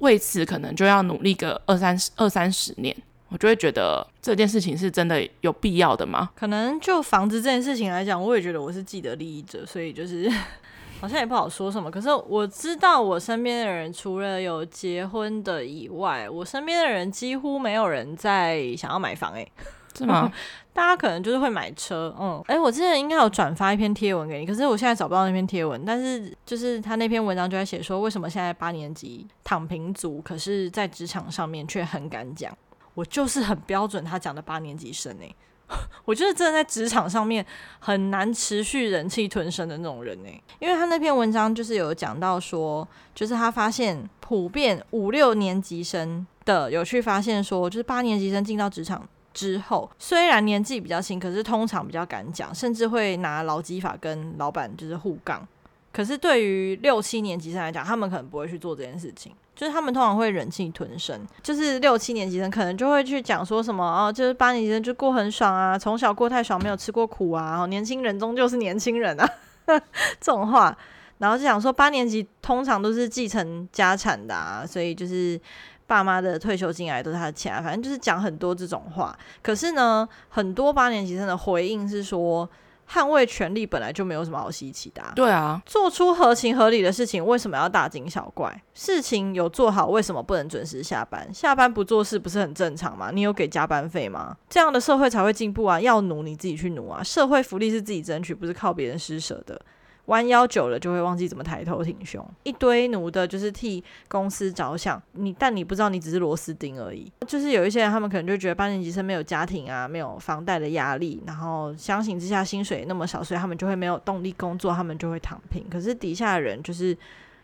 為此，可能就要努力個二三十、二三十年，我就會覺得這件事情是真的有必要的嗎？可能就房子這件事情來講，我也覺得我是既得利益者，所以就是好像也不好說什麼。可是我知道我身邊的人，除了有結婚的以外，我身邊的人幾乎沒有人在想要買房哎、欸。是嗎、哦？大家可能就是會買車，嗯，誒、欸，我之前應該有轉發一篇貼文給你，可是我現在找不到那篇貼文。但是就是他那篇文章就在寫說，為什麼現在八年級躺平族，可是在職場上面卻很敢講。我就是很標準他講的八年級生誒、欸， *laughs* 我就是真的在職場上面很難持續忍氣吞聲的那種人誒、欸，因為他那篇文章就是有講到說，就是他發現普遍五六年級生的有去發現說，就是八年級生進到職場。之後雖然年紀比較輕，可是通常比較敢講，甚至會拿勞基法跟老板就是互槓。可是對於六七年級生來講，他們可能不會去做這件事情，就是他們通常會忍氣吞聲。就是六七年級生可能就會去講說什麼啊、哦，就是八年級生就過很爽啊，從小過太爽，沒有吃過苦啊。年輕人終究是年輕人啊， *laughs* 這種話，然後就想說八年級通常都是繼承家產的，啊，所以就是。爸媽的退休金啊，都是他的錢啊，反正就是講很多這種話。可是呢，很多八年級生的回應是說，捍衛權利本來就沒有什麼好稀奇的啊。對啊，做出合情合理的事情，為什麼要大驚小怪？事情有做好，為什麼不能準時下班？下班不做事不是很正常嗎？你有給加班費嗎？這樣的社會才會進步啊！要奴你自己去奴啊！社會福利是自己爭取，不是靠別人施舍的。彎腰久了就會忘記怎麼抬頭挺胸，一堆奴的就是替公司着想，你但你不知道你只是螺絲釘而已。就是有一些人他們可能就覺得八年級生沒有家庭啊，沒有房貸的壓力，然後相形之下薪水那麼少，所以他們就會沒有動力工作，他們就會躺平。可是底下的人就是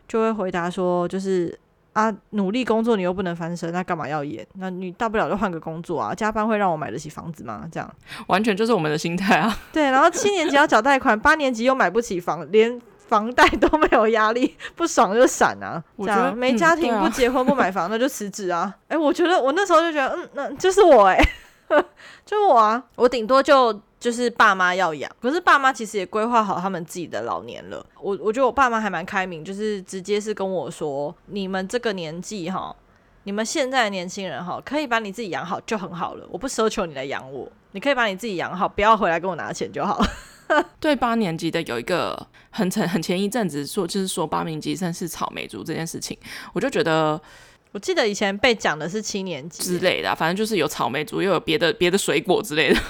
就會回答說，就是。啊，努力工作你又不能翻身，那幹嘛要演？那你大不了就換個工作啊！加班會讓我買得起房子嗎？這樣完全就是我們的心態啊。對，然後七年級要繳貸款， *laughs* 八年級又買不起房，連房貸都沒有壓力，不爽就閃啊！沒家庭、啊、不結婚不買房，那就辭職啊！哎、 *laughs* 欸，我覺得我那時候就覺得，嗯，那就是我哎、欸， *laughs* 就我啊，我頂多就。就是爸媽要養，可是爸媽其實也規劃好他們自己的老年了。我我覺得我爸媽還蠻開明，就是直接是跟我說，你們這個年紀哈、哦，你們現在的年輕人哈、哦，可以把你自己養好就很好了。我不奢求你來養我，你可以把你自己養好，不要回來給我拿錢就好了。 *laughs* 對，八年級的有一個很很前一陣子說，就是說八年級生是草莓族這件事情，我就覺得。我記得以前被講的是七年級之類的、啊，反正就是有草莓族，又有別的別的水果之類的。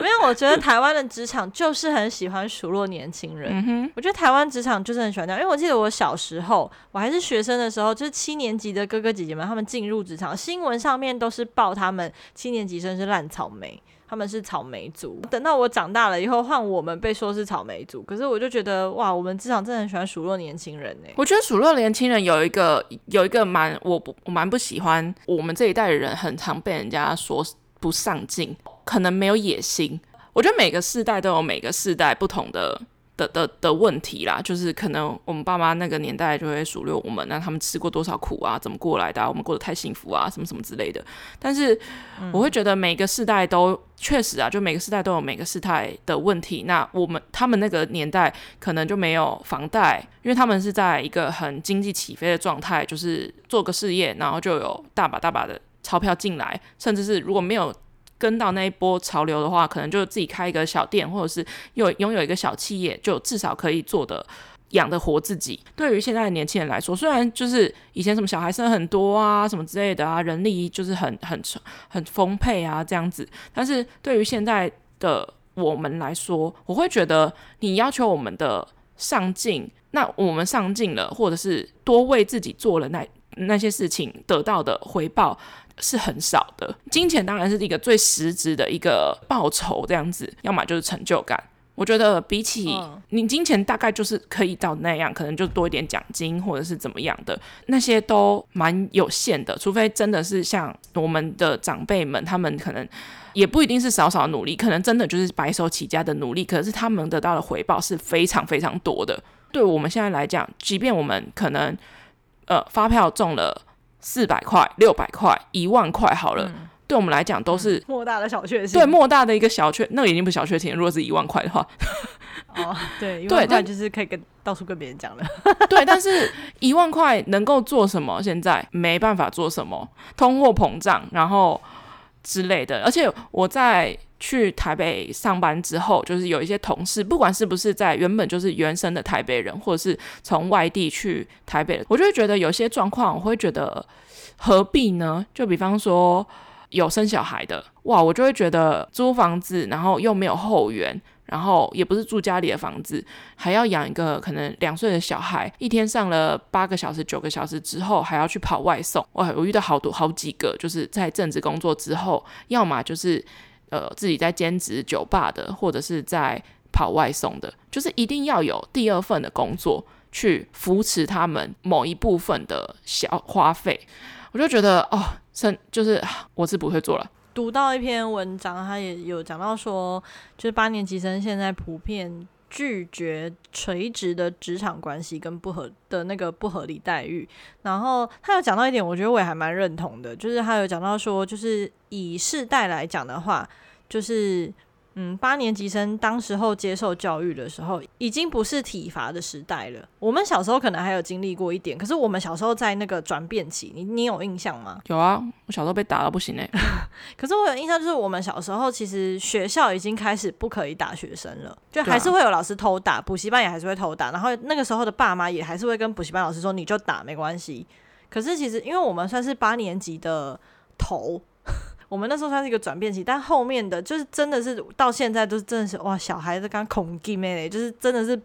沒有。 *laughs* 我覺得台灣的職場就是很喜歡數落年輕人。嗯、哼我覺得台灣職場就是很喜歡這樣，因為我記得我小時候，我還是學生的時候，就是七年級的哥哥姐姐們，他們進入職場，新聞上面都是報他們七年級生是爛草莓。他們是草莓族，等到我長大了以後，換我們被說是草莓族。可是我就覺得，哇，我們至少真的很喜歡數落年輕人呢，欸。我覺得數落年輕人有一個有一個蠻，我不我蠻不喜歡。我們這一代的人很常被人家說不上進，可能沒有野心。我覺得每個世代都有每個世代不同的的的的問題啦，就是可能我們爸媽那個年代就會數落我們，啊，那他們吃過多少苦啊，怎麼過來的，啊，我們過得太幸福啊，什麼什麼之類的。但是我會覺得每個世代都確、嗯、實啊，就每個世代都有每個世代的問題。那我們他們那個年代可能就沒有房貸，因為他們是在一個很經濟起飛的狀態，就是做個事業，然後就有大把大把的鈔票進來，甚至是如果沒有。跟到那一波潮流的話，可能就自己開一個小店，或者是有擁有一個小企業，就至少可以做得養得活自己。對於現在的年輕人來說，雖然就是以前什麼小孩生很多啊，什麼之類的啊，人力就是很很很豐沛啊這樣子，但是對於現在的我們來說，我會覺得你要求我們的上進，那我們上進了，或者是多為自己做了那那些事情，得到的回報。是很少的，金錢當然是一個最實質的一個報酬，這樣子，要麼就是成就感。我覺得比起你金錢，大概就是可以到那樣，可能就多一點獎金或者是怎麼樣的，那些都蠻有限的。除非真的是像我們的長輩們，他們可能也不一定是少少努力，可能真的就是白手起家的努力，可是他們得到的回報是非常非常多的。對我們現在來講，即便我們可能呃發票中了。四百塊、六百塊、一萬塊，好了，嗯、對我們來講都是、嗯、莫大的小確幸，對莫大的一個小確，那個已經不小確幸。如果是一萬塊的話， *laughs* 哦，對，對，那就是可以跟對但到處跟別人講了。 *laughs* 對，但是一萬塊能夠做什麼？現在沒辦法做什麼，通貨膨脹，然後之類的。而且我在，去台北上班之後，就是有一些同事，不管是不是在原本就是原生的台北人，或者是從外地去台北，我就會覺得有些狀況，我會覺得何必呢？就比方說有生小孩的，哇，我就會覺得租房子，然後又沒有後援，然後也不是住家裡的房子，還要養一個可能兩歲的小孩，一天上了八個小時、九個小時之後，還要去跑外送，哇，我遇到好多好幾個，就是在正職工作之後，要麼就是。呃，自己在兼職酒吧的，或者是在跑外送的，就是一定要有第二份的工作去扶持他們某一部分的小花費。我就覺得哦，真就是我是不會做了。讀到一篇文章，他也有講到說，就是八年級生現在普遍。拒絕垂直的職場關係跟不合的那個不合理待遇。然後他有講到一點，我覺得我也還蠻認同的，就是他有講到說，就是以世代來講的話，就是。嗯，八年級生當時候接受教育的時候，已經不是體罰的時代了。我們小時候可能還有經歷過一點，可是我們小時候在那個轉變期，你你有印象嗎？有啊，我小時候被打到不行哎，欸。 *laughs* 可是我有印象，就是我們小時候其實學校已經開始不可以打學生了，就還是會有老師偷打，補習班也還是會偷打。然後那個時候的爸媽也還是會跟補習班老師說，你就打沒關係。可是其實因為我們算是八年級的頭。我們那時候算是一個轉變期，但後面的就是真的是到現在都是真的是哇，小孩子剛恐懼妹嘞，就是真的是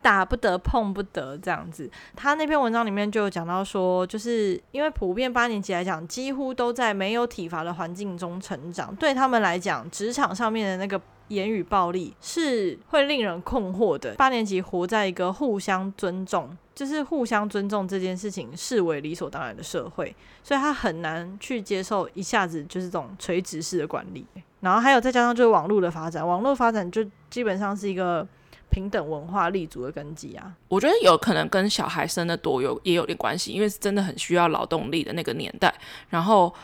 打不得、碰不得這樣子。他那篇文章裡面就有講到說，就是因為普遍八年級來講，幾乎都在沒有體罰的環境中成長，對他們來講，職場上面的那個。言語暴力是會令人困惑的。八年級活在一個互相尊重，就是互相尊重這件事情視為理所當然的社會，所以他很難去接受一下子就是這種垂直式的管理。然後還有再加上就是網絡的發展，網絡發展就基本上是一個平等文化立足的根基啊。我覺得有可能跟小孩生得多有也有點關係，因為是真的很需要勞動力的那個年代，然後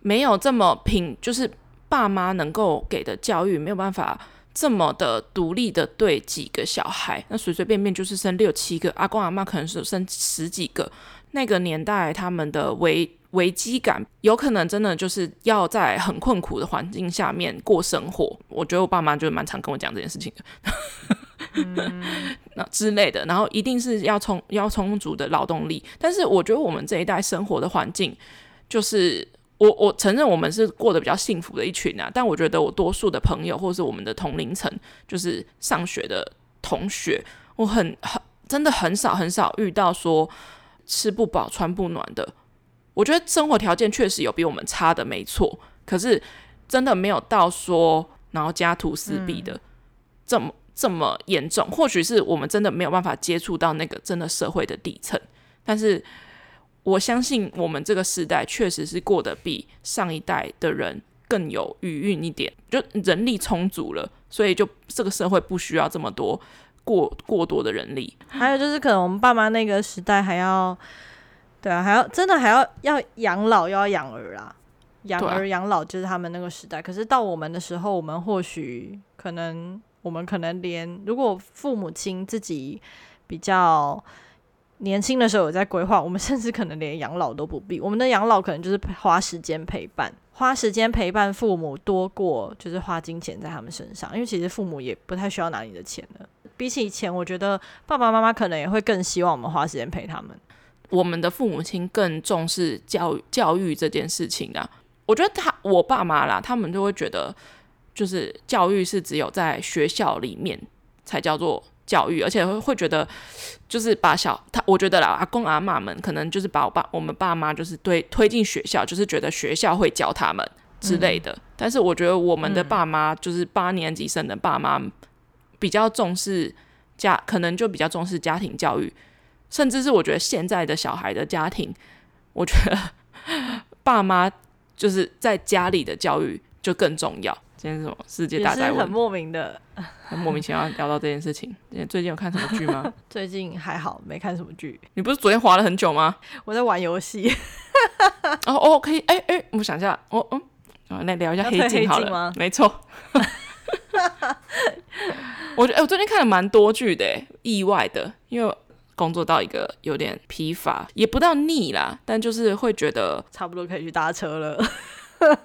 沒有這麼平，就是。爸媽能夠給的教育沒有辦法這麼的獨立的對幾個小孩，那隨隨便便就是生六七個，阿公阿媽可能是生十幾個。那個年代他們的危危機感，有可能真的就是要在很困苦的環境下面過生活。我覺得我爸媽就蠻常跟我講這件事情的，那、嗯、 *laughs* 之類的。然後一定是要充要充足的勞動力，但是我覺得我們這一代生活的環境就是。我我承認我們是過得比較幸福的一群啊，但我覺得我多數的朋友或是我們的同齡層，就是上學的同學，我很很真的很少很少遇到說吃不飽，穿不暖的。我覺得生活條件確實有比我們差的沒錯，可是真的沒有到說，然後家徒四壁的這麼這麼嚴重。嗯。或許是我們真的沒有辦法接觸到那個真的社會的底層，但是。我相信我們這個時代確實是過得比上一代的人更有餘裕一點，就人力充足了，所以就這個社會不需要這麼多過過多的人力。還有就是，可能我們爸媽那個時代還要，對啊，還要真的還要要養老，又要養兒啊，養兒養老就是他們那個時代。可是到我們的時候，我們或許可能我們可能連如果父母親自己比較。年輕的時候有在規劃，我們甚至可能連養老都不必，我們的養老可能就是花時間陪伴，花時間陪伴父母多過就是花金錢在他們身上，因為其實父母也不太需要拿你的錢的。比起以前，我覺得爸爸媽媽可能也會更希望我們花時間陪他們。我們的父母親更重視教教育這件事情啊，我覺得他我爸媽啦，他們就會覺得就是教育是只有在學校裡面才叫做。教育，而且會會覺得，就是把小他，我覺得啦，阿公阿嬤們可能就是把我爸我們爸媽就是對推推進學校，就是覺得學校會教他們之類的。嗯、但是我覺得我們的爸媽，嗯、就是八年級生的爸媽，比較重視家，可能就比較重視家庭教育，甚至是我覺得現在的小孩的家庭，我覺得爸媽就是在家裡的教育就更重要。今天是什麼世界大災我？我很莫名的，很莫名其妙要聊到這件事情。今天最近有看什麼劇嗎？ *laughs* 最近還好，沒看什麼劇。你不是昨天滑了很久嗎？我在玩遊戲。哦 *laughs* 哦、oh, okay. 欸，可以，哎哎，我想一下，哦、oh, 嗯，來、啊、聊一下黑鏡好了。沒錯。我覺得，哎、欸，我最近看了蠻多劇的，意外的，因為工作到一個有點疲乏，也不到膩啦，但就是會覺得差不多可以去搭車了，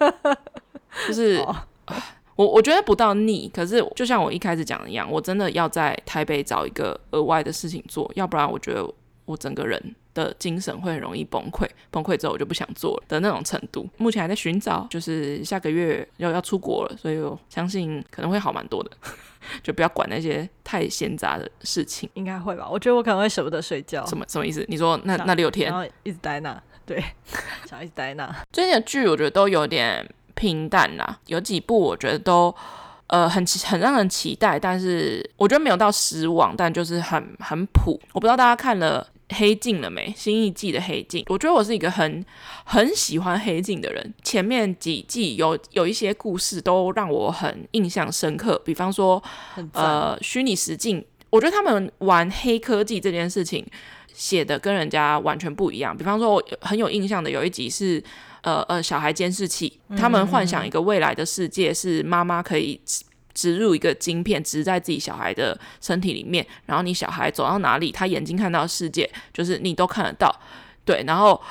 *laughs* 就是。 *laughs* 我我覺得不到膩，可是就像我一開始講的一樣，我真的要在台北找一個額外的事情做，要不然我覺得我整個人的精神會很容易崩潰。崩潰之後，我就不想做了的那種程度。目前還在尋找，就是下個月要要出國了，所以我相信可能會好蠻多的，就不要管那些太閒雜的事情。應該會吧？我覺得我可能會舍不得睡覺。什麼什麼意思？你說那想那六天然後一直待那？對， *laughs* 想要一直待那。最近的劇我覺得都有點。平淡啦，有幾部我覺得都，呃，很很讓人期待，但是我覺得沒有到失望，但就是很很普。我不知道大家看了《黑鏡》了沒？新一季的《黑鏡》，我覺得我是一個很很喜歡《黑鏡》的人。前面幾季有有一些故事都讓我很印象深刻，比方說，讚呃，虛擬實境，我覺得他們玩黑科技這件事情寫的跟人家完全不一樣。比方說，我很有印象的有一集是。呃呃，小孩監視器，嗯嗯嗯，他們幻想一個未來的世界，是媽媽可以植入一個晶片，植在自己小孩的身體裡面，然後你小孩走到哪裡，他眼睛看到世界，就是你都看得到。對，然後，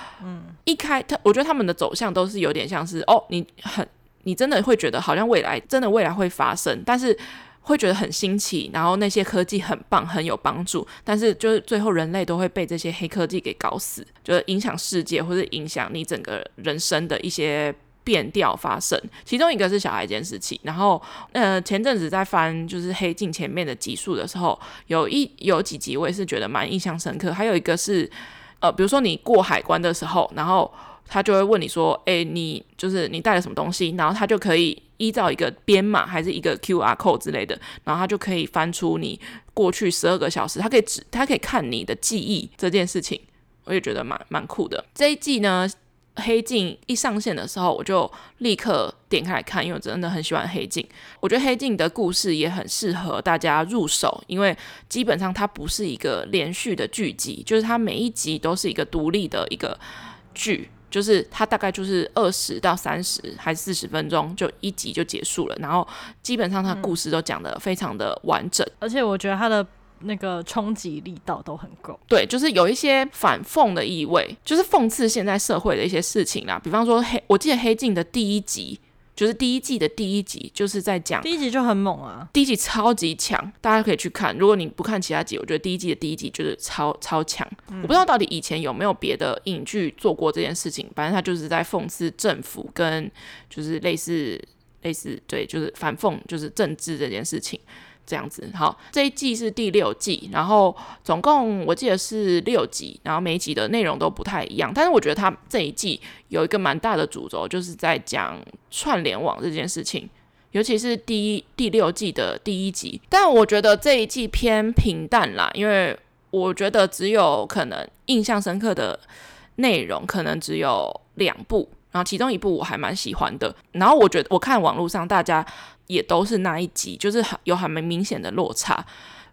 一開，嗯、他我覺得他們的走向都是有點像是，哦，你很，你真的會覺得好像未來真的未來會發生，但是。會覺得很新奇，然後那些科技很棒，很有幫助，但是就是最後人類都會被這些黑科技給搞死，就是影響世界或者影響你整個人生的一些變調發生。其中一個是小孩監視器，然後呃前陣子在翻就是《黑鏡》前面的集數的時候，有一有幾集我也是覺得蠻印象深刻，還有一個是呃比如說你過海關的時候，然後。他就會問你說：“欸，你就是你帶了什麼東西？”然後他就可以依照一個編碼還是一個 QR code 之類的，然後他就可以翻出你過去十二個小時，他可以指，他可以看你的記憶這件事情。我也覺得蠻蠻酷的。這一季呢，《黑鏡》一上線的時候，我就立刻點開來看，因為我真的很喜歡《黑鏡》。我覺得《黑鏡》的故事也很適合大家入手，因為基本上它不是一個連續的劇集，就是它每一集都是一個獨立的一個劇。就是它大概就是二十到三十還是四十分鐘就一集就結束了，然後基本上它故事都講得非常的完整，而且我覺得它的那個衝擊力道都很夠。對，就是有一些反諷的意味，就是諷刺現在社會的一些事情啦，比方說黑，我記得《黑鏡》的第一集。就是第一季的第一集，就是在講第，第一集就很猛啊，第一集超級強，大家可以去看。如果你不看其他集，我覺得第一季的第一集就是超超強。嗯，我不知道到底以前有沒有別的影劇做過這件事情，反正他就是在諷刺政府跟就是類似類似，對，就是反諷就是政治這件事情。這樣子，好，這一季是第六季，然後總共我記得是六集，然後每一集的內容都不太一樣，但是我覺得他這一季有一個蠻大的主軸，就是在講串聯網這件事情，尤其是第一第六季的第一集，但我覺得這一季偏平淡啦，因為我覺得只有可能印象深刻的，內容可能只有兩部，然後其中一部我還蠻喜歡的，然後我覺得我看網絡上大家。也都是那一集，就是很有很明顯的落差。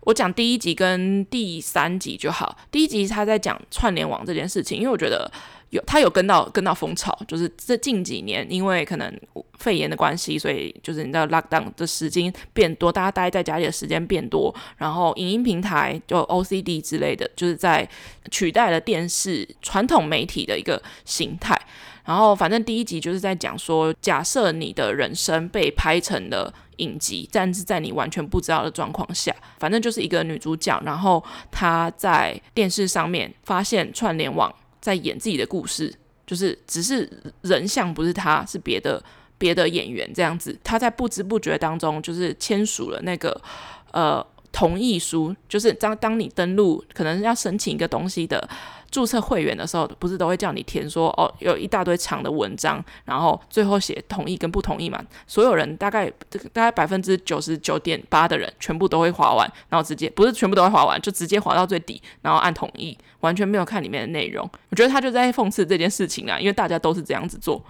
我講第一集跟第三集就好。第一集他在講串聯網這件事情，因為我覺得有他有跟到跟到風潮，就是這近幾年因為可能肺炎的關係，所以就是你知道 lockdown 的時間變多，大家待在家裡的時間變多，然後影音平台就 OCD 之類的，就是在取代了電視傳統媒體的一個形態。然後，反正第一集就是在講說，假設你的人生被拍成了影集，但是在你完全不知道的狀況下，反正就是一個女主角，然後她在電視上面發現串聯網在演自己的故事，就是只是人像不是她，是別的別的演員這樣子，她在不知不覺當中就是簽署了那個，呃。同意書，就是當當你登錄可能要申請一個東西的注冊會員的時候，不是都會叫你填說哦，有一大堆長的文章，然後最後寫同意跟不同意嘛？所有人大概這個大概百分之九十九點八的人全部都會滑完，然後直接，不是全部都會滑完，就直接滑到最底，然後按同意，完全沒有看裡面的內容。我覺得他就在諷刺這件事情啊，因為大家都是這樣子做。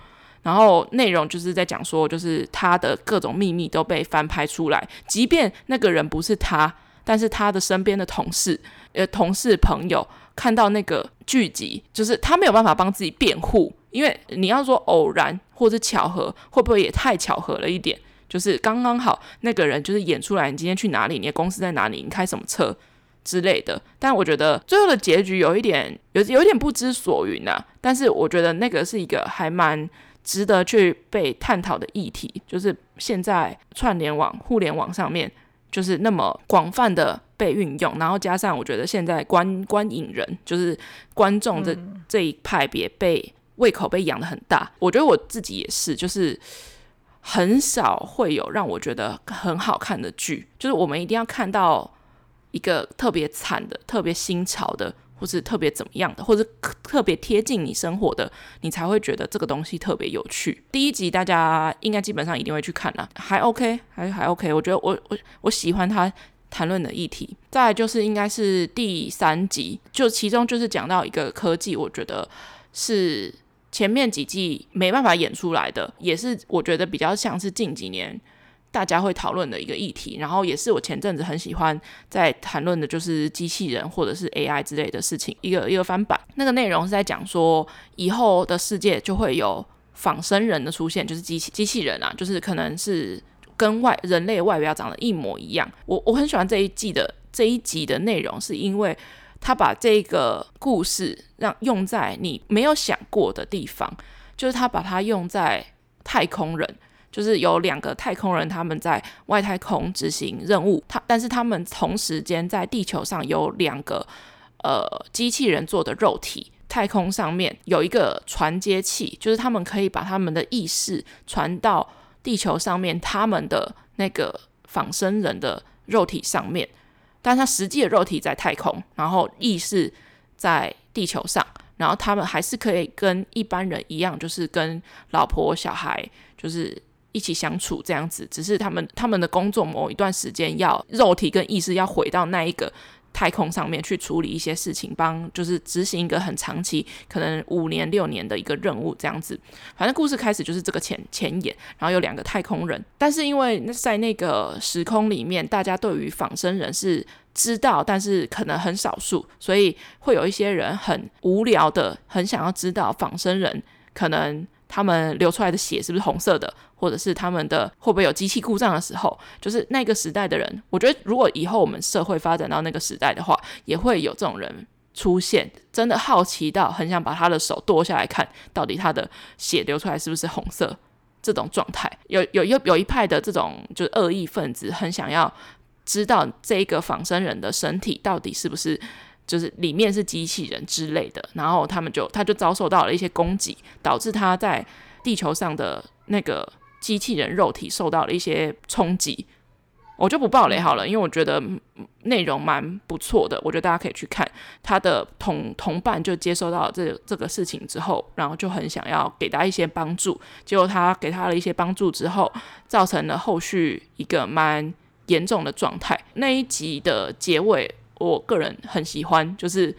然後內容就是在講說，就是他的各種秘密都被翻拍出來，即便那個人不是他，但是他的身邊的同事、呃同事朋友看到那個劇集，就是他沒有辦法幫自己辯護，因為你要說偶然或者巧合，會不會也太巧合了一點？就是剛剛好那個人就是演出來，你今天去哪裡？你的公司在哪裡？你開什麼車之類的？但我覺得最後的結局有一點有有一點不知所云啊。但是我覺得那個是一個還蠻。值得去被探討的議題，就是現在串聯網、互聯網上面就是那麼廣泛的被運用，然後加上我覺得現在觀觀影人，就是觀眾這、嗯、這一派別被胃口被養得很大，我覺得我自己也是，就是很少會有讓我覺得很好看的劇，就是我們一定要看到一個特別慘的、特別新潮的。或是特別怎麼樣的，或者特別貼近你生活的，你才會覺得這個東西特別有趣。第一集大家應該基本上一定會去看啦，還 OK，還還 OK。我覺得我我我喜歡他談論的議題。再來就是應該是第三集，就其中就是講到一個科技，我覺得是前面幾季沒辦法演出來的，也是我覺得比較像是近幾年。大家會討論的一個議題，然後也是我前陣子很喜歡在談論的，就是機器人或者是 AI 之類的事情。一個一個翻版，那個內容是在講說，以後的世界就會有仿生人的出現，就是機器機器人啊，就是可能是跟外人類外表長得一模一樣。我我很喜歡這一季的這一集的內容，是因為他把這個故事讓用在你沒有想過的地方，就是他把它用在太空人。就是有兩個太空人，他們在外太空執行任務，他，但是他們同時間在地球上有兩個呃機器人做的肉體，太空上面有一個傳接器，就是他們可以把他們的意識傳到地球上面，他們的那個仿生人的肉體上面，但他實際的肉體在太空，然後意識在地球上，然後他們還是可以跟一般人一樣，就是跟老婆小孩就是。一起相處這樣子，只是他們他們的工作某一段時間要肉體跟意識要回到那一個太空上面去處理一些事情，幫就是執行一個很長期，可能五年六年的一個任務這樣子。反正故事開始就是這個前前言，然後有兩個太空人，但是因為在那個時空裡面，大家對於仿生人是知道，但是可能很少數，所以會有一些人很無聊的，很想要知道仿生人可能。他們流出來的血是不是紅色的，或者是他們的會不會有機器故障的時候，就是那個時代的人，我覺得如果以後我們社會發展到那個時代的話，也會有這種人出現，真的好奇到很想把他的手剁下來看，看到底他的血流出來是不是紅色這種狀態，有有有有一派的這種就是惡意分子，很想要知道這個仿生人的身體到底是不是。就是裡面是機器人之類的，然後他們就他就遭受到了一些攻擊，導致他在地球上的那個機器人肉體受到了一些衝擊。我就不爆雷好了，因為我覺得內容蠻不錯的，我覺得大家可以去看。他的同同伴就接受到這這個事情之後，然後就很想要給他一些幫助。結果他給他了一些幫助之後，造成了後續一個蠻嚴重的狀態。那一集的結尾。我個人很喜歡，就是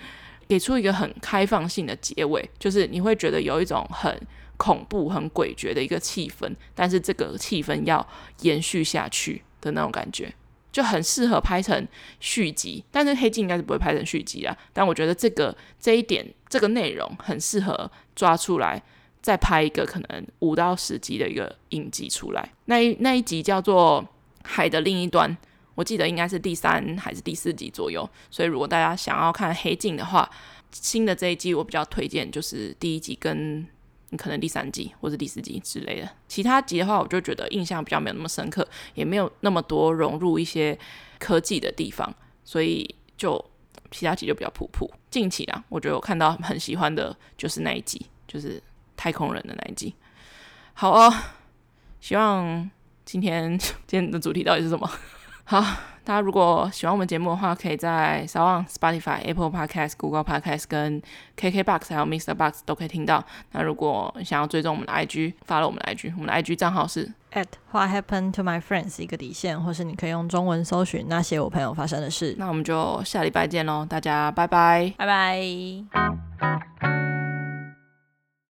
給出一個很開放性的結尾，就是你會覺得有一種很恐怖、很詭譎的一個氣氛，但是這個氣氛要延續下去的那種感覺，就很適合拍成續集。但是《黑鏡》應該是不會拍成續集啦，但我覺得這個這一點，這個內容很適合抓出來，再拍一個可能五到十集的一個影集出來。那一那一集叫做《海的另一端》。我記得應該是第三還是第四集左右，所以如果大家想要看《黑鏡》的話，新的這一季我比較推薦，就是第一集跟你可能第三集或是第四集之類的，其他集的話我就覺得印象比較沒有那麼深刻，也沒有那麼多融入一些科技的地方，所以就其他集就比較普普。近期啊，我覺得我看到很喜歡的就是那一集，就是太空人的那一集。好哦，希望今天，今天的主題到底是什麼？好，大家如果喜歡我們節目的話，可以在 SoundOn Spotify、Apple Podcast Google Podcast 跟 KKBox 還有 MixerBox 都可以聽到。那如果你想要追蹤我們的 IG，Follow 我們的 IG，我們的 IG 賬號是 @WhatHappenedToMyFriends 一個底線，或是你可以用中文搜尋那些我朋友發生的事。那我們就下禮拜見嘍，大家拜拜，拜拜。